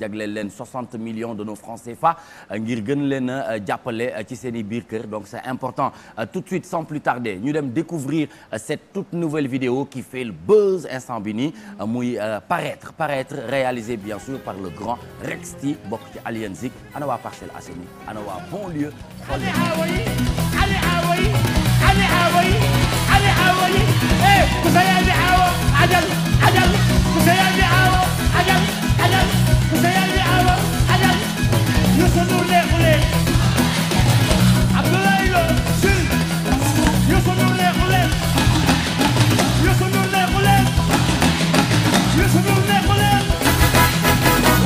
jagleel leen 60 millions de nos francs CFA euh, ngir gën leen a euh, jàppale euh, ci seen i biir kër donc c'est important tout de suite sans plus tarder ñu dem découvrir cette toute nouvelle vidéo qui fait le buzz instant bi nii muy paraître paraître réalisé bien sûr par le grand Rex T bokk ci Alien Zik ana waa Parcelles Assainies ana waa banlieue ajal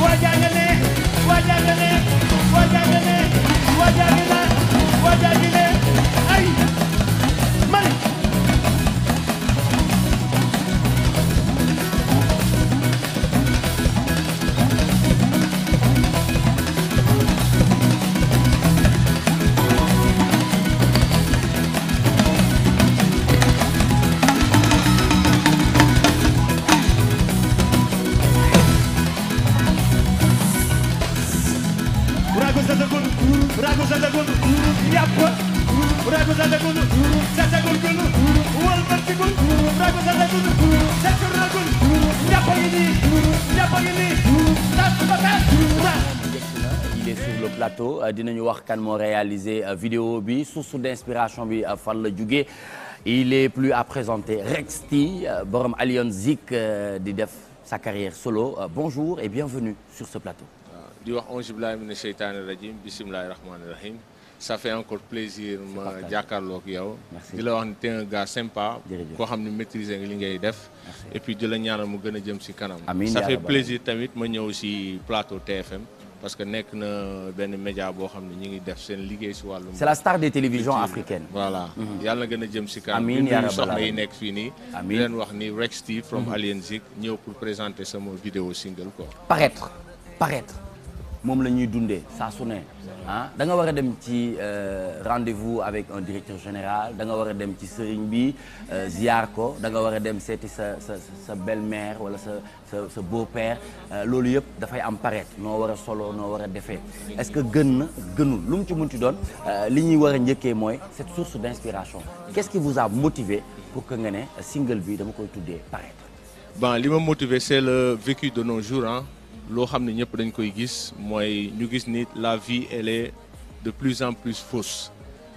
Wajagile, wajagile, wajagile, wajagile. dina ñu wax kan moo réalisé euh, vidéo bi source d'inspiration bi euh, fan la jóge il est plus à présenter Rexti euh, borom Allion Zik di def sa carrière solo bonjour et bienvenue sur ce plateau di wax auzu billaahi mina sheytaani rajiim bismillaahi rahmaani rahiim ça fait encore plaisir ma jàkkaarloog yow di la wax ne t'es un gars sympa koo xam ne maîtriser nga li ngay def et puis di la ñaanal mu gën a jëm si kanam ça fait plaisir tamit ma ñëw si plateau TFM parce que nekk na benn média boo xam ne ñu ngi def seen liggéey si wàllum. c'est la star des télévisions africaines. voilà mhm. yàlla gën a jëm si kanam. amiin yaa rabbal soxna yi nekk fii ni amiin leen wax ni Rex T from mhm. Alienzik ñëw pour présenter sama vidéo single ko paraître paraître. moom la ñuy dundee saa su ne ah da war a dem ci euh, rendez-vous avec un directeur général danga war a dem ci sëriñ bi euh, ziar ko da nga war a dem seeti sa sa sa belle-mère wala sa sa sa beau-père euh, loolu yëpp dafay am paraître noo war a solo noo war a defee est-ce que gën na gënul lu mu ci munti doon li ñuy war a njëkkee mooy cette source d'inspiration qu'est-ce que vous a motivé pour que nga ne single bi dama koy tuddee paraître bon li ma motivé c'est le de loo xam ne ñëpp dañ koy gis mooy ñu gis ni la vie elle est de plus en plus fausse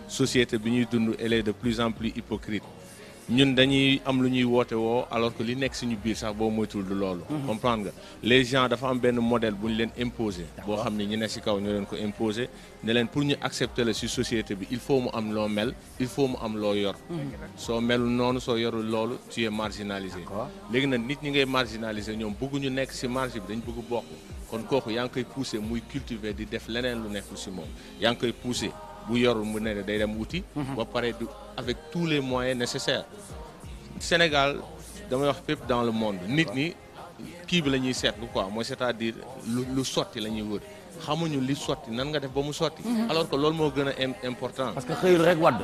société bi ñuy dund elle est de plus en plus hypocrite ñun dañuy am lu ñuy woote woo alors que li nekk suñu biir sax boo moytul du loolu. Mhm. comprendre nga les gens dafa am benn modèle bu ñu leen imposer. boo xam ne ñu ne si kaw ñu leen ko imposer ne leen pour ñu accepter la si société bi il faut mu am loo mel il faut mu am loo yor. Mhm. soo melu noonu soo yorul loolu tu es marginalisé. léegi nag nit ñi ngay marginalisé ñoom ñu nekk si marge bi dañ bëgg bokk kon kooku yaa ngi koy pousser muy cultiver di def leneen lu nekkul si moom yaa ngi koy pousser. bu yorul mu ne day dem wuti. Mhm. ba pare du avec tous les moyens nécessaires. Sénégal damay wax fépp dans le monde nit ñi kii bi la ñuy seetlu quoi mooy c'est-à-dire lu lu sotti la ñuy wër xamuñu li sotti nan nga def ba mu sotti. Mhm. alors que loolu moo gën a important. parce que xëyul rek wadd.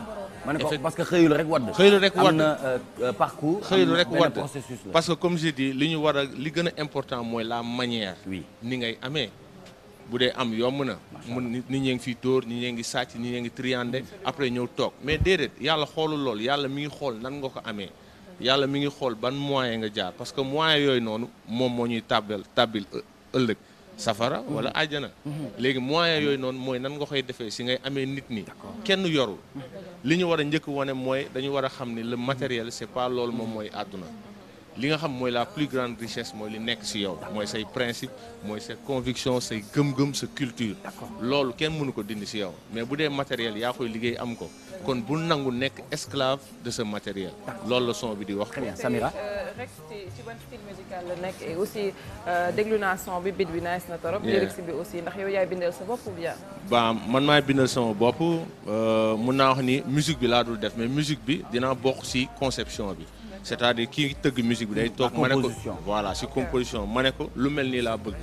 ma ne ko parce que xëyul rek wadd. xëyul rek wadd am na euh, euh, parcours. xëyul rek wadd parce que comme j'ai dit li ñu war a li gën a important mooy la manière. oui ni ngay amee. bu dee am yomb na mun nit ñi ngi fiy dóor nit ñi ngi sàcc nit ñi ngi triande après ñëw toog mais déedéet yàlla xoolu lool yàlla mi ngi xool nan nga ko amee yàlla mi ngi xool ban moyen nga jaar parce que moyen yooyu noonu moom moo ñuy tàbbal tàbbil ëllëg safara wala mm-hmm. àjjana mm-hmm. léegi moyen yooyu noonu mooy nan nga koy defee si ngay amee nit ñi kenn yoru mm-hmm. li ñu war a njëkk wane mooy dañu war a xam ni la matériel c'est pas loolu moom mooy àdduna li nga xam mooy la plus grande richesse mooy li nekk ci yow mooy say principe mooy sa conviction say gëm-gëm sa culture loolu kenn mënu ko dindi ci yow mais bu dee matériel yaa koy liggéey am ko kon bul nangu nekk esclave de ce matériel loolu la son bi di wax Samira euh, Rex ci nekk et aussi euh, déglu naa son bi bit bi nice na torop lyrics bi aussi ndax yow yaay bindal sa bopp bien ba man maay bindal sama bopp euh, mun naa wax ni musique bi laa dul def mais musique bi dina bokk ci conception bi c'est-à-dire kii tëgg musique bi day toog ma ne ko voilà si composition ma ne ko lu mel nii laa bëgg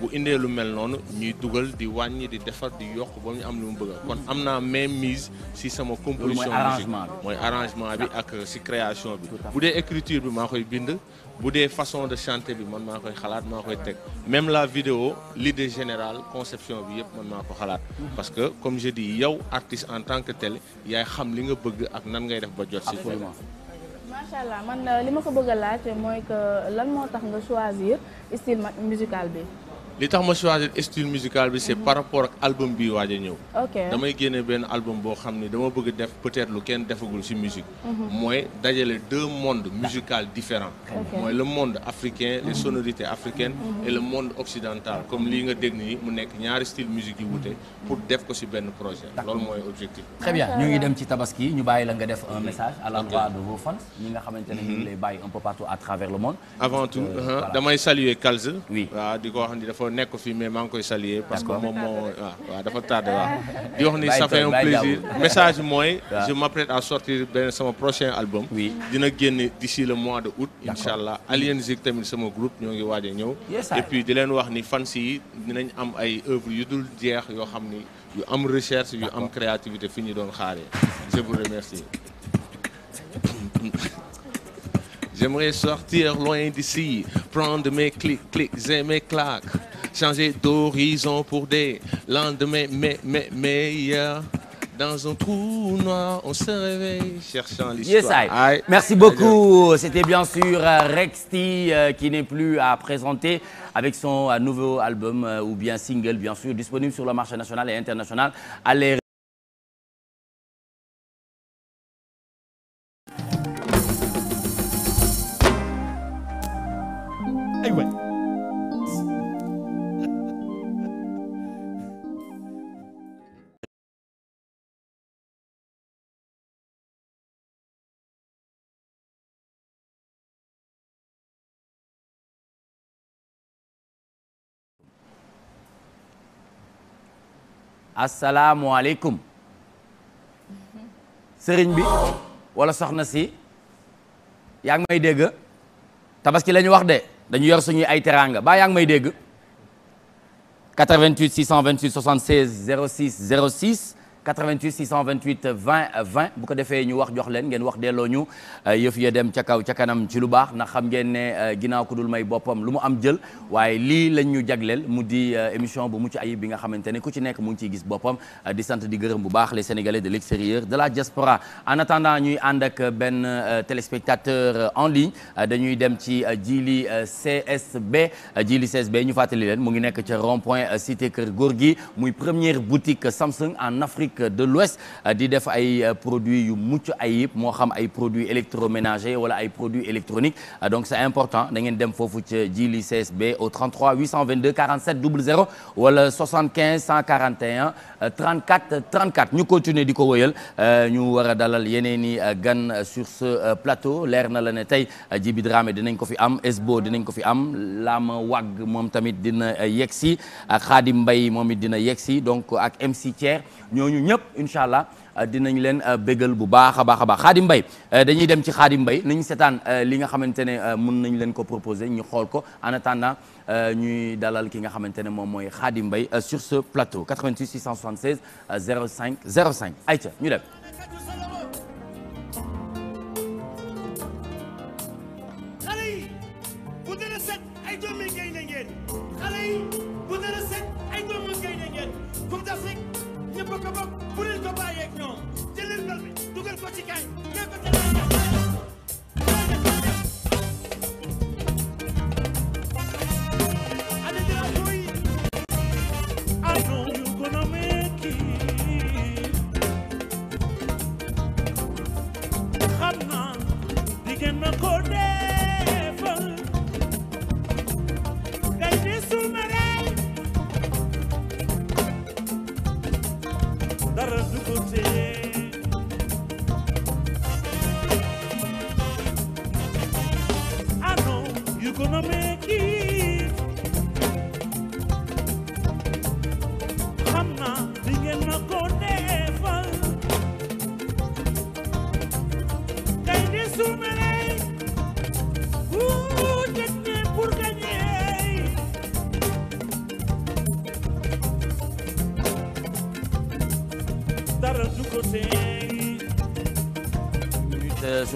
bu indee lu mel noonu ñuy dugal di wàññi di defar di yokk ba ñu am lu mu bëgg kon am na même mise si sama composition musique mooy arrangement bi ak euh, si création bi bu dee écriture bi maa koy bind bu dee façon de chanter bi man maa koy xalaat maa koy teg même la vidéo l'idée général conception bi yëpp man maa ko xalaat parce que comme je dis yow artiste en tant que tel yaay xam li nga bëgg ak nan ngay def ba jot si macha allah man euh, li ma ko bëgg a laaj mooy que lan moo tax nga choisir style musical bi. li tax ma choisir style musical bi c'est mhm. par rapport ak album bi waaj a ñëw. damay génne benn album boo xam ne dama bëgg def peut-être lu kenn defagul ci musique. Mhm. mooy dajale deux mondes musicaux différents. mooy le monde africain les mhm. sonorité africaines. et le monde occidental comme lii nga dégg nii mu nekk ñaari style musique yu wute pour def ko ci benn projet. loolu mooy objectif. très bien ñu ngi dem ci tabaski ñu bàyyi la nga def un message à l'endroit de ñi nga xamante ne ñu ngi lay bàyyi un peu partout à travers le monde. avant dafa nekk fii mais maa ngi koy saluer parce que moom moo waaw dafa tardé waaw di wax ni ça fait un plaisir message mooy je m'apprête à sortir benn sama prochain album dina génn d'ici le mois de août incha allah Alien Zik tamit sama groupe ñoo ngi waaj a ñëw et puis di leen wax ni fans yi dinañ am ay œuvre yu dul jeex yoo xam ni yu am recherche yu am créativité fi ñu doon xaaree je vous remercie J'aimerais sortir loin d'ici, prendre mes clics, clics et mes claques. changer d'horizon pour des lendemains mais mais meilleurs. Dans un trou noir, on se réveille cherchant l'histoire. Yes, Merci beaucoup. C'était bien sûr euh, Rexti euh, qui n'est plus à présenter avec son euh, nouveau album euh, ou bien single bien sûr disponible sur le marché national et international. Allez asalaamualeykum sëriñ bi wala soxna si yaa ngi may dégg tabaski la ñu wax de dañu yor suñuy ay teraanga ba yaa ngi may dégg 88 628 76 06 06 88 628 20 20 bu ko defee ñu wax jox leen ngeen wax delloo ñu euh, yëf ya dem ca kaw ca kanam ci lu baax ndax xam ngeen ne euh, ginnaaw ku dul may boppam lu mu am jël waaye lii lañ ñu jagleel mu di euh, émission bu mucc ayib bi nga xamante ne ku ci nekk mu ngi ciy gis boppam di sant di gërëm bu baax les sénégalais de l'extérieur de la diaspora en attendant ñuy ànd ak benn téléspectateur en ligne dañuy dem ci Jili CSB Jili CSB ñu fàttali leen mu ngi nekk ca rond point cité Kër Gorgui muy première Afrique de l'Ouest euh, di def ay euh, produits yu mucc ayib moo xam ay produits électroménagé wala ay produit électroniques euh, donc c'est important da ngeen dem foofu ci Djily CSB au 33 822 47 00 wala 75 141 34 34 ñu continuer di ko wëyal ñu war a dalal yeneen i gan sur ce plateau leer na la ne tey Djiby Dramé dinañ ko fi am Esbo dinañ ko fi am Lama Wag moom tamit dina yegsi ak Khadim Mbaye moom dina yegsi donc ak MC ñëpp incha allah euh, dinañ leen euh, bégal bu baax a baax a baax Xaadim Mbay euh, dañuy dem ci Xaadim Mbay nañ seetaan li nga xamante ne mën nañ leen ko proposer ñu xool ko en attendant ñuy dalal ki nga xamante ne moom mooy Xaadim Mbay sur ce plateau 88 676 05 05 ayca ñu dem. économique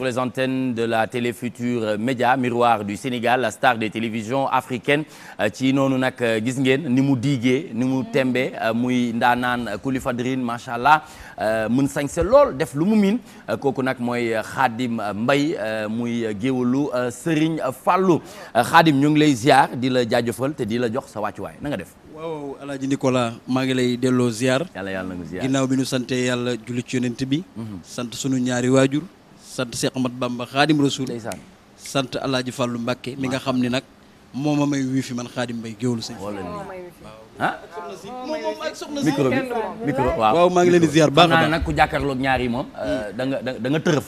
les de la télé Futur Média miroir du Sénégal la star des télévisions africaines euh, ci noonu nag euh, gis ngeen ni mu diigee ni mu tembe euh, muy ndaanaan kuli fadrin macha allah mën sañse lool def lu mu miin kooku nag mooy Xaadim Mbay muy géwalu Sëriñ fallu Xaadim ñu ngi lay ziar di la jaajëfal te di la jox sa wàccuwaay na nga def. waaw alaaji Nicolas maa ngi lay delloo ziar. ginnaaw bi ñu sante yàlla julli yonent bi. Mhm. sant sunu ñaari waajur. sant Cheikh Ahmad Bamba Xaadim Rasul sant Alaaji Fàllu Mbàkke mi nga xam ne nag moo ma may wii fi man Xaadim Mbay géwlu sëñ wala ah moom ak soxna si micro bi micro waaw maa ngi leen di ziar baax naa nag euh, da da nga tërëf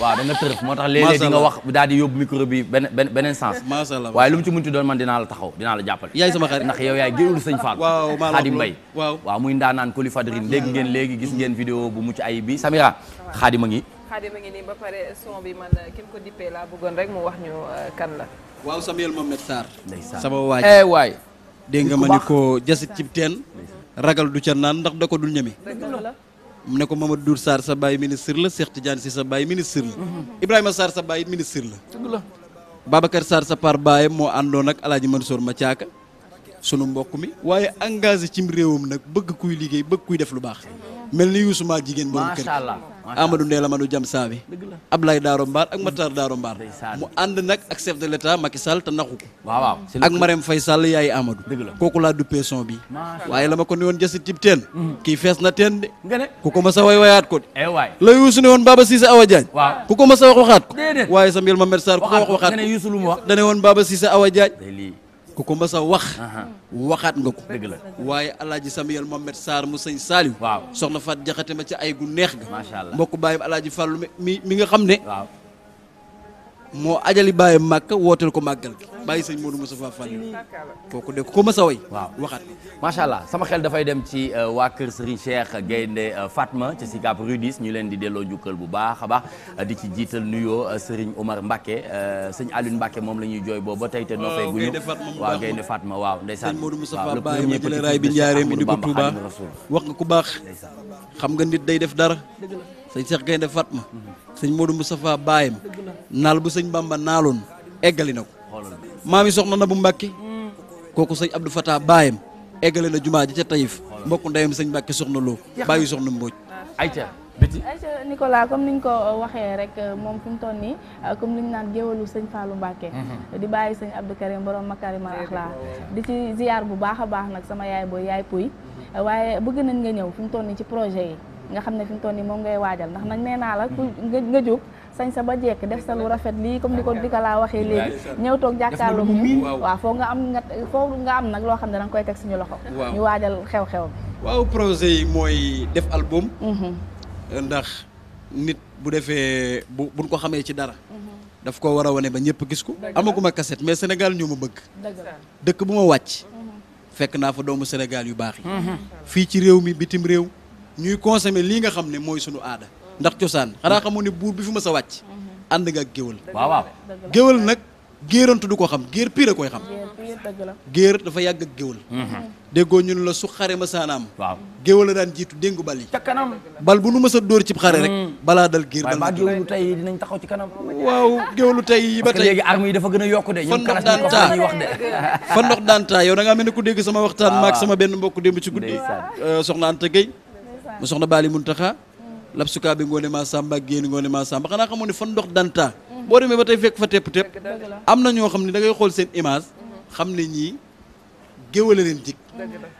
waaw da nga tërëf moo tax léeg-léeg di nga wax daal di yóbbu micro bi benn beneen sens macha allah waaye lu mu ci munti doon man dinaa dinaa la jàppale yaay sama xarit ndax yow yaay géwlu sëñ Fall waaw Xaadim Mbay waaw waaw muy Koli Fadrine dégg ngeen léegi gis ngeen vidéo bu mucc ayib Samira Xaadim a xaadima ngi nii ba pare son bi man euh, ki ko dippee laa bëggoon rek mu wax ñu euh, kan la. waaw Samuel Mohamed Sarr. sama waay eh waay. dégg ma ni ko jasit ci teen. ragal du ca naan ndax da ko dul ñeme. mu ne ko Mamadou Dour saar sa baay ministre la Cheikh Tidiane Sy sa baay ministre la. Mhm. Ibrahima Sarr sa baay ministre la. Babacar Sarr sa par baay moo àndoon ak El Hadj ma Mathiaka sunu mbokk mi waaye engage cim réewam nag bëgg kuy liggéey bëgg kuy def lu baax mhm. mel ni Youssou maa jigéen borom kër. macha Amadou Ndella Manu jam saabi Ablaye Daaro Mbaar ak Matar Daaro Mbaar mu ànd nag ak chef de l'état Macky Sall te naxu ko waaw ak Marème Faye Sall yaay Amadou kooku laa ko ne woon jasit cib teen mm-hmm. kii fees na de ku ko ma sa way wayaat ko de eh, la yuusu ne woon Baba Cissé Awa Diagne ku ko ma sa wax waxaat ko waaye Samuel Mamed Sarr ku ko wax waxaat ko dane woon Baba Cissé Awa ku ko mas a wax waxaat nga ko dëgg la waaye alaaji Samuel Mohamed saar mu sëñ Saaliw waaw soxna faat Jaxate ma ci ay gu neex ga macha allah mbokk bàyyam alaaji Fàllu mi mi nga xam ne moo ajali bàyyam màkk wooteel ko màggal gi bàyyi sëñ Modou Moustapha Fall kooku de ko mës a waaw waxaat macha allah sama xel dafay dem ci euh, waa kër Serigne Cheikh Gaynde euh, Fatma ci Sicap Rue 10 ñu leen di delloo njukkal bu baax a baax euh, di ci jiital nuyoo Serigne Omar Mbacke sëñ Alioune Mbacke moom la ñuy jooy booba tey te noppee guñu waaw Gaynde Fatma waaw ndeysaan sëñ Modou Moustapha Baye ma jëlee raay bi njaaree mi di ko Touba wax nga ku baax xam nga nit day def dara sëñ Cheikh Gaynde Fatma sëñ Modou Moustapha Baye naal bu sëñ Bamba naaloon eggali na ko maami soxna na bu Mbàkke kooku sëñ Abdou Fatah baayam eggale na jumaa ji ca Taïf mbokk ndeyam sëñ Mbàkke soxna loo bàyyi soxna Mbóoj ayca biti ayca Nicolas comme niñ ko waxee rek moom fi mu toll nii comme liñ naan géwalu sëñ Fallou Mbacke mhm. di bàyyi sëñ Abdou ma borom Makarimal Akhlaq di ci ziar bu baax a baax nag sama yaay booy yaay puy waaye bëgg nañ nga ñëw fi mu ton nii ci projet yi nga xam ne fi mu toll nii moom ngay waajal ndax nag nee naa la ku nga jóg sañ sa ba jekk def sa lu rafet lii comme ni ko di ko laa waxee léegi ñëw toog jàkkaarloo ñu waaw foog nga am nga foog nga am nag loo xam ne da koy teg suñu loxo ñu waajal xew-xew bi waaw projet yi mooy def album mhm. ndax nit bu defee bu buñ ko xamee ci dara mhm. daf ko war a wane ba ñëpp gis ko amaguma cassette mais Sénégal ñoo ma bëgg dëkk bu ma wàcc mhm. fekk naa fa doomu Sénégal yu baax yi fii ci réew mi bitim réew ñuy consommer lii nga xam ne mooy suñu aada ndax cosaan xanaa xamoo ne buur bi fi mës a wàcc mhm. ànd nga ak géwal waaw waaw nag géerantu du ko xam géer pire koy xam géer dafa yàgg ak géwal mhm. déggoo ñu la su xare ma saanaam waaw géwal a daan jiitu déngu bal yi kanam bal bu nu mës a dóor cib xare rek mhm. balaa dal géer dal ba géwalu tey yi dinañ ci kanam waaw tey yi léegi arme yi dafa gën yokku de fa ndox daan taa wax de fa ndox daan taa yow da ngaa mel ne ku dégg sama waxtaan maak sama benn mbokk démb ci guddi euh, soxna Anta Gueye mu soxna Bali Muntaxa lapsuka bi ngoone maa sàmba ak génn ngoone maa sàmba xanaa xamoon ne fan ndox danta boo demee ba tey fekk fa tepp tepp am na ñoo xam ne dangay xool seen image xam ne ñii géwale leen jik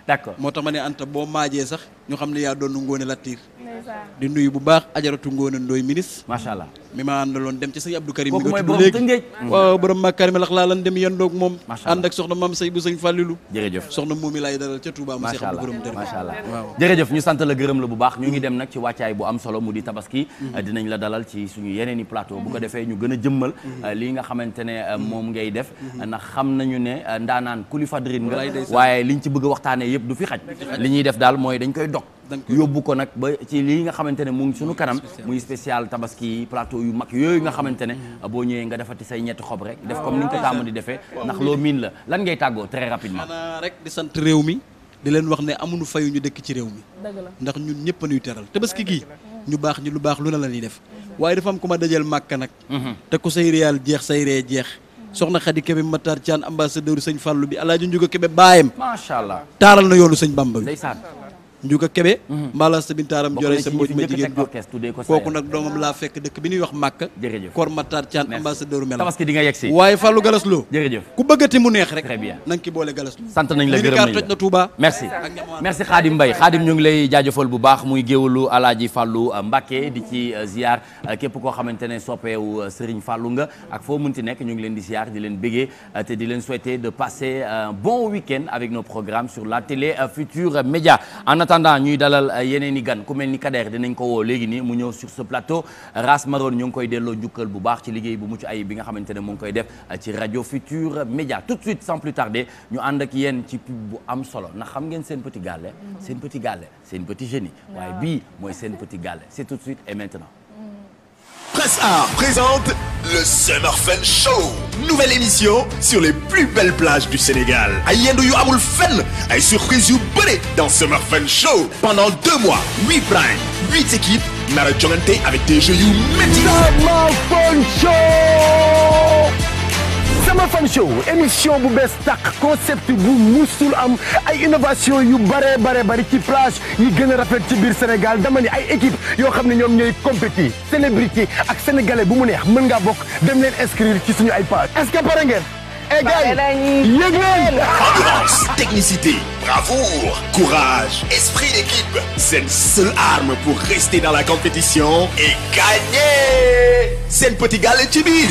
d'accord moo tax ma ne Anta boo maajee sax ñu xam ne yaa doon Ngóone Latiir di nuyu bu baax ajaratu Ngóone Ndooy ministre macha allah mi ma àndaloon dem ci sëñ Abdou Karim mi bu sëñ Fàllilu jërëjëf soxna moomi laay dalal ca Touba mu Seex la gërëm la bu baax ñu ngi dem nag ci wàccaay bu am solo mu di tabaski mhm. dinañ la dalal ci suñu yeneen i plateau bu ko defee ñu gën a jëmmal mhm. euh, lii nga xamante ne euh, mhm. moom ngay def ndax xam nañu ne euh, ndaanaan kuli fadrin nga waaye liñ ci bëgg waxtaanee yëpp du fi xaj li ñuy def daal mooy dañ koy dog yóbbu ko nag ba ci lii nga xamante ne mu ngi sunu kanam muy spécial tabaski plateau yu mag yooyu nga xamante ne boo ñëwee nga defati say ñetti xob rek def comme ni nga ko tàmm di defee ndax loo miin la lan ngay tàggoo très rapidement rek di sant réew mi di leen wax ne amuñu fayu ñu dëkk ci réew mi ndax ñun ñëpp nuy teral tabaski gi mm-hmm. ñu baax ñu lu baax lu ne la ñuy def waaye dafa am ku dajeel màkk soxna Khady Kébé Matar Thian ambassadeur sëñ Fallou bi El Hadj Ndiouga Kébé baayam. macha allah taaral na yoonu sëñ Bamba bi. Ndiouga Kébé mhm. mbala sa bintaaram jore sa mboj ma jigéen jóg kooku nag doomam laa fekk dëkk bi ñuy wax màkk Kor Matar Thian ambassadeur mel tabaski di nga yegsi waaye Fallou Galas Lo jërëjëf ku bëggati mu neex rek na nga ki boole Galas Lo sant nañ la gërëm nañ la toj na Touba merci merci Khadim Mbaye Khadim ñu ngi lay jaajëfal bu baax muy géewalu alaaji Fallou Mbacké di ci euh, ziar euh, képp koo xamante ne soppeewu euh, Serigne Fallou nga ak foo munti nekk ñu ngi leen di ziar di leen bégee te di leen souhaiter de passer un bon week-end avec nos programmes sur la télé Futurs Médias attendant ñuy dalal euh, yeneen i gan ku mel ni Kader dinañ ko woo léegi nii mu ñëw sur ce plateau Ras Maroon ñu ngi koy delloo njukkal bu baax ci liggéey bu mucc ay bi nga xamante ne mu ngi koy def euh, ci rajo Futur Média tout de suite sans plus tarder ñu ànd ak yéen ci bu am solo ndax xam ngeen seen petit gàlle mm-hmm. seen petit gàlle seen petit génie waaye bii mooy seen petit gàlle c'est tout de suite et maintenant Presse Art présente le Summer Fun Show. Nouvelle émission sur les plus belles plages du Sénégal. ay yendu yu amul fenn ay surprise yu bëri dans Summer Fun Show. pendant deux mois huit primes huit équipes nar a jongante avec des jeux yu métti. Show. sama fan show émission bu bees tàq concept bu musul am ay innovation yu bare bare bari ci plage yi gën a rafet ci biir Sénégal dama ni ay équipe yoo xam ne ñoom ñooy compétit célébrité ak sénégalais bu mu neex mën ngaa bokk dem leen inscrire ci suñu ay page est que pare ngeen eh gars yi yëg leen ambiance technicité bravoure courage esprit d'équipe c'est une seule arme pour rester dans la compétition et gagner seen petit gàlle ci biir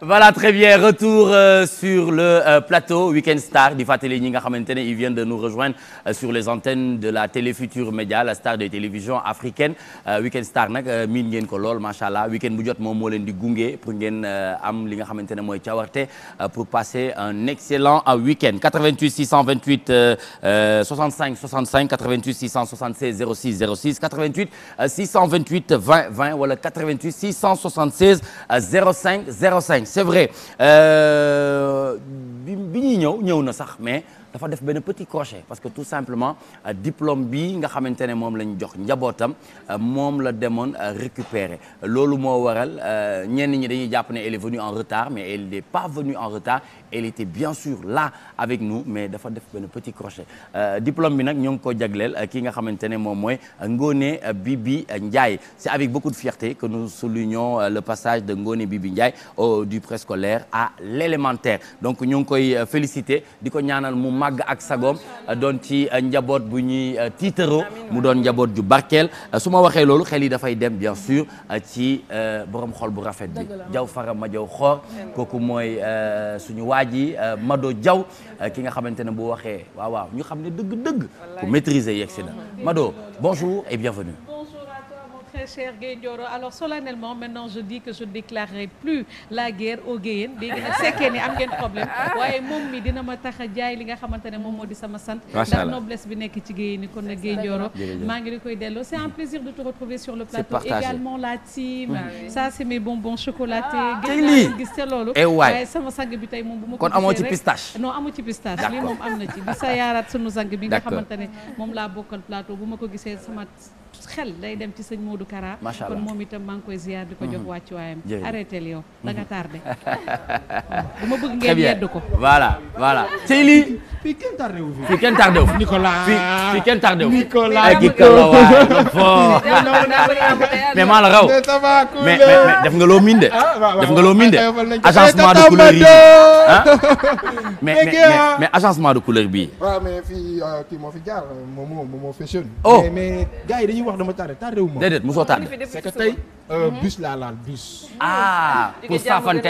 voilà très bien retour euh, sur le euh, plateau Weekend di fàttali ñi nga xamante ne ils de nous rejoindre euh, sur les antennes de la Télé Futur Média la star des télévisions africaines euh, Weekend Star nag euh, ngeen ko lool macha allah weekend bu jot moom moo leen di gunge pour ngeen euh, am li nga xamante ne mooy cawarte pour passer un excellent weekend 88 628 65 65 88 676 06 06 88 628 20 20 wala voilà, 88 676 05 05. c'est vrai euh, bi ñuy ñëw ñëw na sax mais dafa def benn petit crochet parce que tout simplement euh, diplôme bi nga xamante ne moom la ñu jox njabootam euh, moom la demoon euh, récupérer loolu moo waral ñenn ñi dañuy jàpp ne elle est venue en retard mais elle n'est pas venue en retard elle était bien sûr là avec nous mais dafa def benn petit crochet diplôme bi nag ñoo ngi ko jagleel ki nga xamante ne moom mooy Ngoné bi Ndiaye c'est avec beaucoup de fierté que nous soulignons le passage de Ngoné bi Ndiaye au du préscolaire à l'élémentaire donc màgg ak sagoom euh, doon ci euh, njaboot bu ñuy euh, tiitaroo mu doon njaboot ju barkeel su ma waxee loolu xel yi dafay dem bien sûr ci boroom xol bu rafet bi jaw fara ma jaw xoor kooku mooy suñu waaj yi mado jaw ki nga xamante ne bu waxee waaw waaw ñu xam ne dëgg-dëgg ku maîtriser yegg si na mado bonjour et bienvenue très euh, cher Gaye Ndioro alors solennellement maintenant ma tax jaay li nga xamante ne moom moo di sama sant ndax noblesse bi nekk ci Guéyeen ni kon nag maa ngi li koy delloo c'est un plaisir de te retrouver sur le plateau également la team ah ça c'est mes bonbons chocolatés ah. gën naa eh waaye sama sang bi tey moom bu ma ko amoo ci pistache non amoo ci pistache lii moom am na ci di sa yaaraat sunu sang bi nga xamante ne moom laa bokkal plateau bu ma ko gisee sama xel day dem ci sëñ Modou Kara macha allah kon moom itam maa koy ziar ko jox mhm. wàccu waayam arrêté yow mhm. da nga tardé bu ma bëgg ngeen yedd ko voilà voilà tey lii fii kenn tardé wu fii kenn tardé wu mais maa la raw mais def nga loo miin de ah, def nga loo miin de agencement de couleur yi ah. mais mais agencement de couleur bii mais euh, fi euh, oh dañuy wax dama tardé wu ma. déedéet mosoo tardé c'est que tey. Euh, mm-hmm. bus laa ah,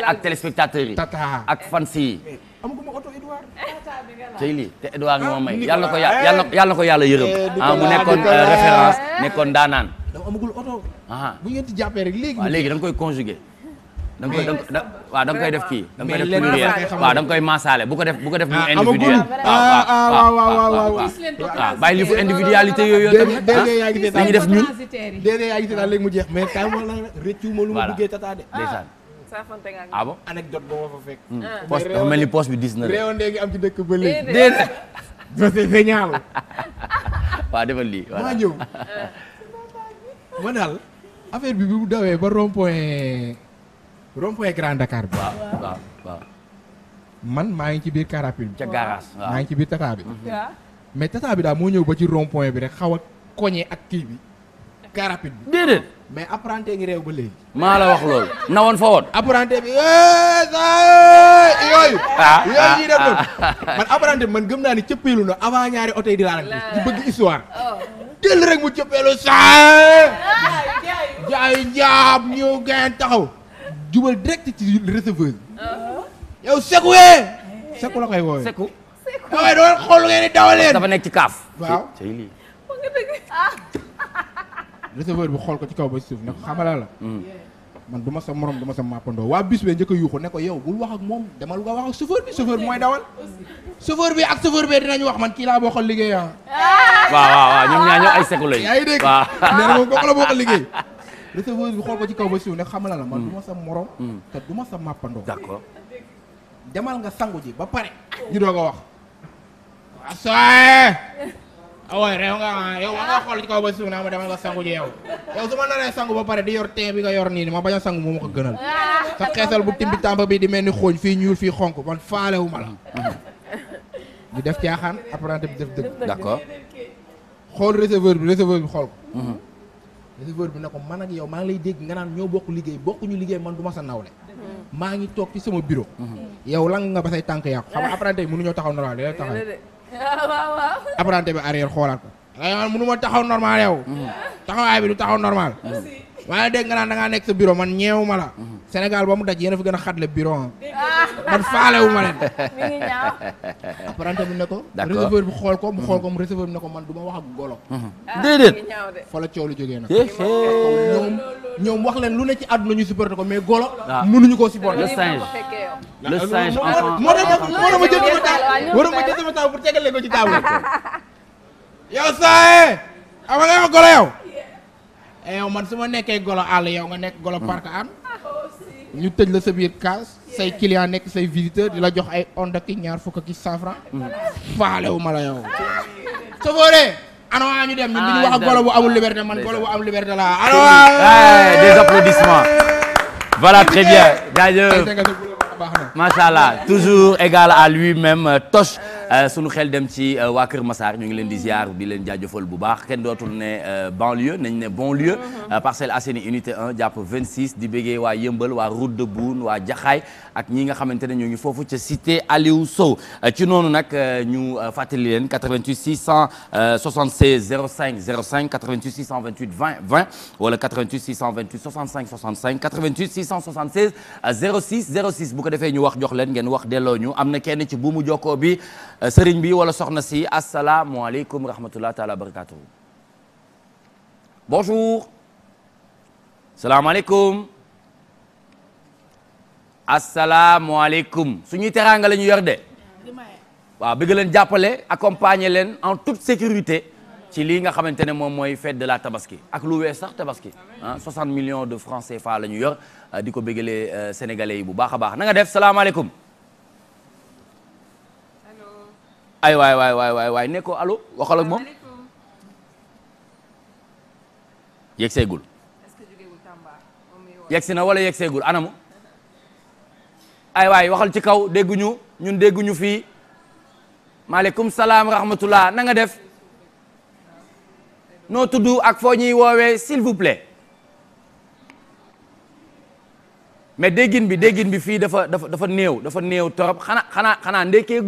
ak téléspectateurs yi. tata eh, na ko eh. yàlla yàlla na ko yàlla yërëm. Eh, ah mu nekkoon euh, référence nekkoon daanaan. dama amagul oto. Ah. bu ngeen di koy conjuguer. da nga koy da waaw da nga koy def kii da nga koy def pluriel waaw da nga koy maasale bu ko def bu ko def mu ah, individuel ah, ah, waaw waaw waaw waaw waaw bàyyi li fu individualité yooyu tamit dañuy def ñun déedéet yaa ngi seetaan léegi mu jeex mais kaay ma la rëccu ma lu ma duggee tata de ndeysaan saafante nga ah bon anecdote boo ma fa fekk hmm. poste dafa mel ni poste bi dis na réewande ngi am ci dëkk ba léegi déedéet dossier feñaal waaw defal lii maa ñëw ma daal affaire bi bu dawee ba rond point rond-point Grand Dakar bi. waaw waaw waaw. man maa ngi ci biir carapule bi. ca garage waaw maa ngi ci biir tata bi. Mhm. mais tata bi daal moo ñëw ba ci rond-point bi rek xaw a koñe ak kii bi. carapule bi déedéet. mais apprenti ngi réew ba léegi. maa la wax loolu. na woon fa woon. apprenti bi eh, eh, yooyu. Ah, ah yooyu ñuy def ah. noonu. man apprenti bi man gëm naa ni cëppeelu na avant ñaari oto yi di laal ak ci bëgg histoire. teel oh. rek mu cëppeelu saa. Ah, jaay jaab ñu gën taxaw. jubal direct ci receveur uh-huh. yow seku yee. seku la koy woowee seku. seku waaye doon xool ngeen di dawaleen. dafa nekk ci kaaf. waaw cay lii. receveur bi xool ko ci kaw ba suuf ne ko xamala la. Mm. man du ma sa morom du ma sa mappandoo waa bis bee njëkk a yuuxu nekko ko yow bul wax ak moom demal nga wax ak chauffeur bi chauffeur bi mooy dawal. chauffeur bi ak chauffeur bee dinañ wax man kii laa bokkal liggéey ah. waaw waaw ñoom ñaa ñëw ay seku lañu. yaa ngi dégg nee moom kooku la bokkal liggéey. receveur bi xool ko ci kaw ba suuf ne xamala la man du ma sa morom te du ma sa màppandoo d'accord demal nga sangu ji ba pare ñu doog a wax asoe awoy réew nga yow ma nga xool ci kaw ba suuf naa ma demal nga sangu ji yow yow su ma naree sangu ba pare di yor teen bi nga yor nii ma bañ a sangu moom ma ko gënal sa xeesal bu timbi tàmba bi di mel ni xooñ fii ñuul fii xonk man faalewu ma la ñu def caaxaan apprenti bi def dëgg d'accord xool receveur bi receveur bi xool ko receveur bi ne ko man ak yow maa ngi lay dégg nga naan ñoo bokk liggéey bokkuñu liggéey man du ma sa nawle maa ngi toog ci sama biro yow lang nga ba say tànk yàqu xam nga apprenti bi mënuñoo taxaw normal yow taxaw waaw waaw bi arrière xoolaat ko mënu ma taxaw normal yow mm. taxawaay bi du taxaw normal waaye dégg nga naan da ngaa nekk sa bureau man ñeewu ma la. Mhm. Sénégal ba mu daj yéen a fi gën a xatle bureau am. man faalewu ma leen. mi ngi ñaaw. apprenti bi ne ko. d'accord receveur bi xool ko mu xool ko mu mhm. receveur bi ne ko man du ma wax ak golo. Mhm. Ah, déedéet fa la coow lu jógee nag. ñoom ñoom wax leen lu ne ci àdduna ñu supporté ko mais golo. waaw ah. mënuñu koo supporté. le singe le singe enfant moo tax moo tax ma jël sama taal moo tax ma jël sama taal pour tegale ko ci taabal. yow saa yee. xam nga golo yow. Eh, man su ma nekkee golo àll yow nga nekk golo ah. parc am ah, ñu tëj la sa biir kaas say client nekk say visiteur di la jox ay onda ki ñaar fukk ki cent mm. la yow sofooree anowaa ñu dem ñu ñu wax golo bu amul liberté man golo bu amul liberté la anowaa des applaudissements voilà très bien jaajëf macha allah toujours égal à lui-même euh, Toch Euh, sunu xel dem ci euh, waa Kër Massar ñu ngi leen di ziar di leen jaajëfal bu baax kenn dootul ne euh, banlieue nañ ne bon lieu mhm. Parcelles unité un jàpp 26 di béggee waa yembal waa route de Boune waa Jaxaay ak ñi nga xamante ne ñoo ngi foofu ca cité Aliou Sow ci noonu nag ñu fàttali leen 88 676 05 05 88 628 20 20 wala 88 628 65 65 88 676 06 ko defee ñu wax jox leen ngeen wax delloo ñu am na kenn ci buumu jokkoo bi Euh, sëriñ bi wala soxna si asalaamualeykum rahmatullah taala wa barakatuhu bonjour salaamaaleykum asalaamualeykum suñuy teraanga la ñu yor de waaw bëgg leen jàppale accompagner leen en toute sécurité ci lii nga xamante ne moom mooy fête de la tabaski ak lu wees sax tabaski ah 60 millions de francs CFA la ñu yor euh, di ko bëggalee euh, sénégalais yi bu baax a baax na nga def salaamaaleykum ay waay waay waay waay waay nekkoo allo waxal ak moom yegg seegul yegg si na wala yegg seegul anamu ay waay waxal ci kaw dégguñu ñun dégguñu fii maaleykum salaam rahmatullah nanga def noo tudd ak foo ñuy woowee s'il vous plaît mais déggin bi déggin bi fii dafa dafa dafa néew dafa néew torop xanaa xanaa xanaa ndekkee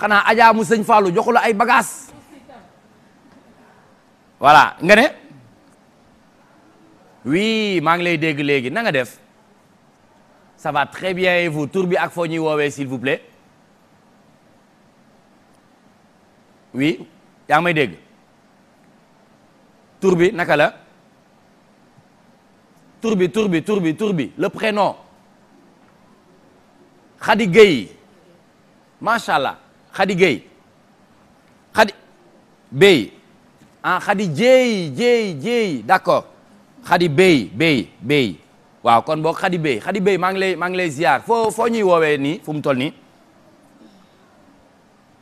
xanaa ajaa mu sëñ Fallou joxu la ay bagaas voilà nga ne oui maa ngi lay dégg léegi na nga def ça va très bien et vous tur bi ak foo ñuy woowee s'il vous plaît oui yaa may dégg tur bi naka la tur bi tur bi tur bi tur bi le prénom Khady Gueye macha allah. xadi géey xadi bay ah xadi jéey jéey jéey d'accord xadi béy béy béy waaw kon boog xadi béy xadi bay maa ngi lay maa ngi lay ziar foo foo ñuy woowee nii fu mu toll nii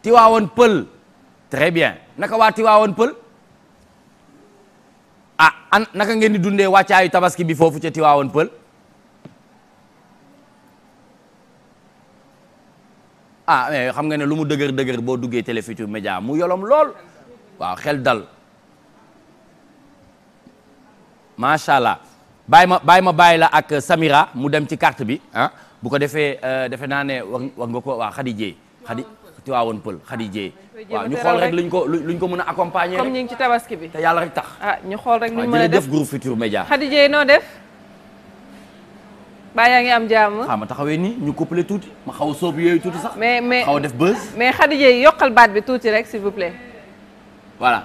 Tiwaawoon Pël très bien naka waa Tiwaawoon Pël ah an naka ngeen di dundee wàccaayu tabaski bi foofu ca Tiwaawoon Pël ah mais xam nga ne lu mu dëgër dëgër boo duggee Télé Futurs Médias mu yolom lool waaw xel dal macha allah bàyyi ma bàyyi ma bàyyi la ak Samira mu dem ci carte bi ah bu ko defee euh, defe naa ne war nga ko waa xadi Dieye Khady Tiwaawoon Pël xadi Dieye waaw ñu xool rek luñ ko luñ ko mën a accompagner comme ci tabaski bi te yàlla rek tax ah ñu xool rek ñu mën a def groupe Futurs Médias Khady Dieye noo def baa yaa ngi am jàmm xaw ma taxawee nii ñu couplé tuuti ma xaw a soob yooyu tuuti sax. mais mais xaw a def buzz. mais Khady yokkal baat bi tuuti rek s'il vous plaît. waaw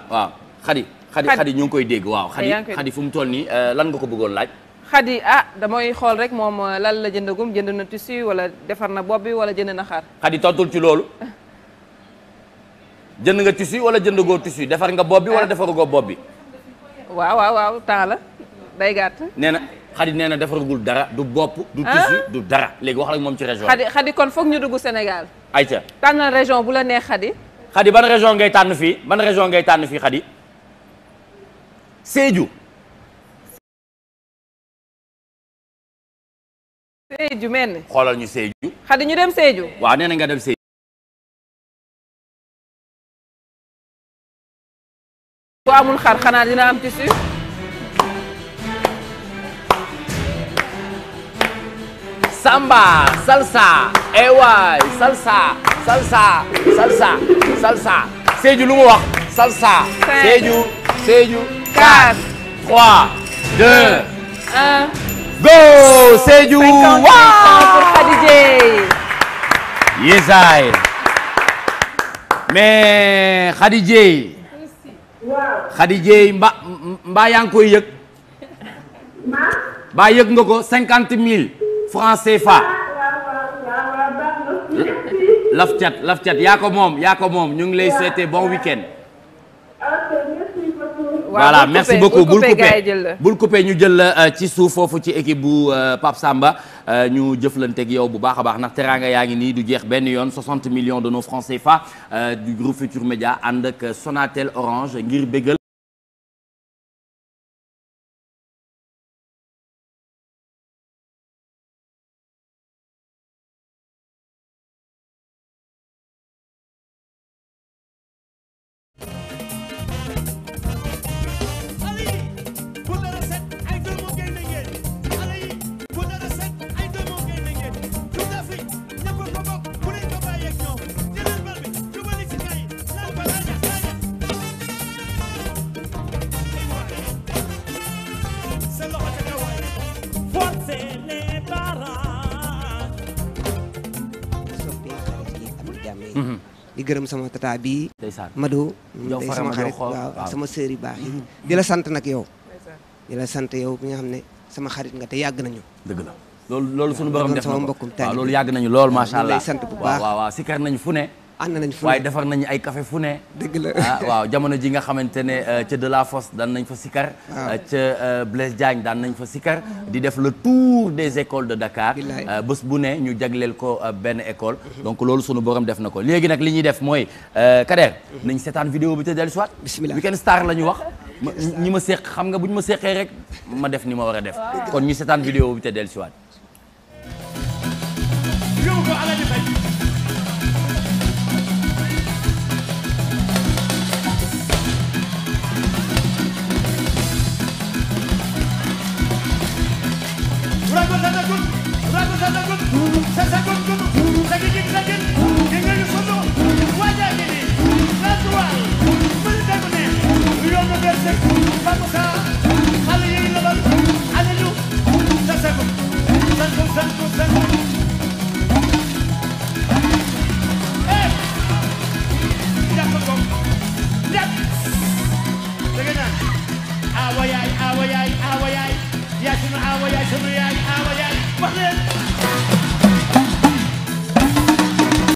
Khady. Khady Khady ñu ngi koy dégg waaw. Khady Khady fu mu toll nii euh, lan nga ko bëggoon laaj. Khady ah damay xool rek moom euh, lan la jëndagum jënd na tissu wala defar na bopp bi wala jënd na xar. Khady tontul ci loolu. jënd nga tissu wala jëndagoo tissu defar nga bopp bi wala ah. defaragoo bopp bi. waaw waaw waaw temps day xadi nee na defaragul dara du bopp du ah? tissu du dara léegi wax la moom ci région xadi xadi kon foog ñu dugg Sénégal ayca tànnal région bu la neex xadi xadi ban région ngay tànn fii ban région ngay tànn fii xadi Sédhiou Sédhiou mel ni xoolal ñu Sédhiou xadi ñu dem Sédhiou waaw nee na nga dem Sédhiou samba salsa eh waay salsa salsa salsa salsa Sédhiou lu mu wax salsa. Sédhiou Sédhiou. 4 3 2 1. go Sédhiou waaw 50 pour Khady Dieye. yesaay mais Khady Dieye. Khady Dieye mba mbaa yaa koy yëg. mbaa yëg nga ko 50 000. francs CFA lafcat lafcat yaa ko moom yaa ko moom ñu ngi lay souhaiter bon week-end voilà merci beaucoup bul coupé bul coupé ñu jël la euh, ci suuf foofu ci équipe bu euh, Pape Samba euh, ñu jëflanteeg yow bu baax a baax ndax teraanga yaa ngi nii du jeex benn yoon 60 millions de nos francs CFA du groupe Futur Média ànd ak Sonatel Orange ngir béggal di gërëm sama tata bii Mado day sama xarit waaw sama sœur yu baax mm-hmm. sant nag yow di la sant yow bi nga ne sama xarit nga te yàgg nañu la loolu loolu suñu borom def na ko sama mbokkum taal loolu yàgg nañu lool macha allah sant bu nañu fu ànd nañ fu waaye defar nañu ay cafe fu ne. dëgg la ah, waaw jamono ji nga xamante ne euh, De La Fosse daan nañ fa Sikar. Euh, ca euh, Blaise Diagne daan nañ fa Sikar. di def le tour des écoles de Dakar. bés bu ne ñu jagleel ko benn école. donc loolu sunu borom def na ko léegi nag li ñuy def mooy Kader. nañ seetaan vidéo bi te dellu si waat. bismillah Weekend lañu wax. ñi ma seq xam nga bu ñu ma seqee rek ma def ni ma war a def. kon ñi seetaan vidéo bi te dellu si awa yaay awa yaay awa yaay yaa sunu awa yaay sunu yaay awa yaay wax leen